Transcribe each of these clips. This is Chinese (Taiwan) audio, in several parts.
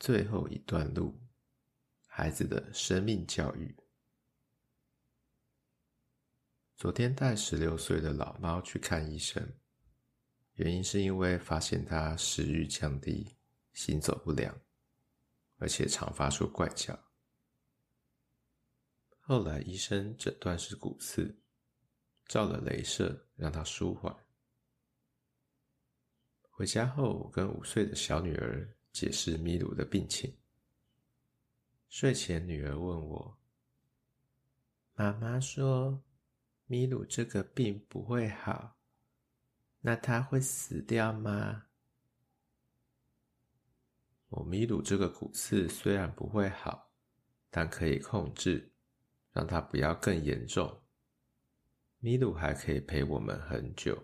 最後一段路，孩子的生命教育。昨天帶十六歲的老貓去看醫生，原因是因為發現它食慾降低、行走不良，而且常發出怪叫。後來醫生診斷是骨刺，照了雷射讓它舒緩。回家後，我跟五歲的小女兒，解釋咪嚕的病情。睡前，女兒問我：“媽媽說，咪嚕這個病不會好，那他會死掉嗎？”我：“咪嚕這個骨刺雖然不會好，但可以控制，讓他不要更嚴重。咪嚕還可以陪我們很久，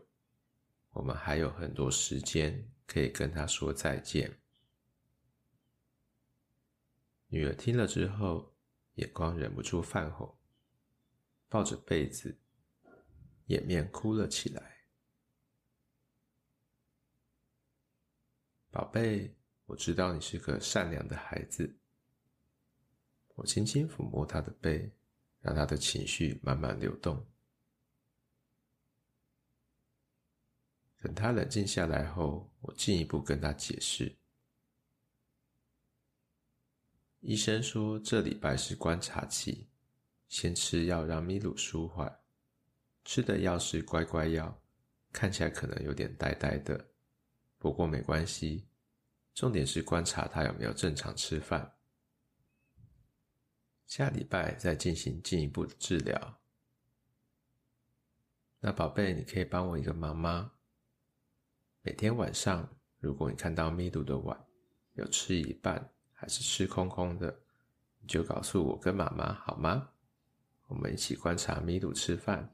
我們還有很多時間可以跟他說再見。”女兒聽了之後，眼眶忍不住泛紅，抱着被子掩面哭了起來。寶貝，我知道你是個善良的孩子。我輕輕撫摸她的背，讓她的情緒慢慢流動。等她冷靜下來後，我進一步跟她解釋。醫生說，這禮拜是觀察期，先吃藥讓咪嚕舒緩。吃的藥是乖乖藥，看起來可能有點呆呆的，不過沒關係。重點是觀察他有沒有正常吃飯。下禮拜再進行進一步的治療。那寶貝，你可以幫我一個忙嗎？每天晚上，如果你看到咪嚕的碗有吃一半，還是吃空空的，你就告訴我跟媽媽好嗎？我們一起觀察咪嚕吃飯。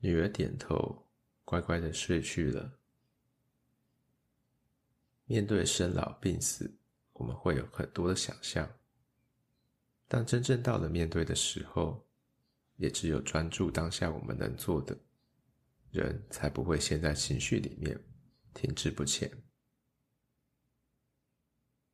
女兒點頭，乖乖的睡去了。面對生老病死，我們會有很多的想象，但真正到了面對的時候，也只有專注當下我們能做的，人才不會陷在情緒裡面，停滯不前。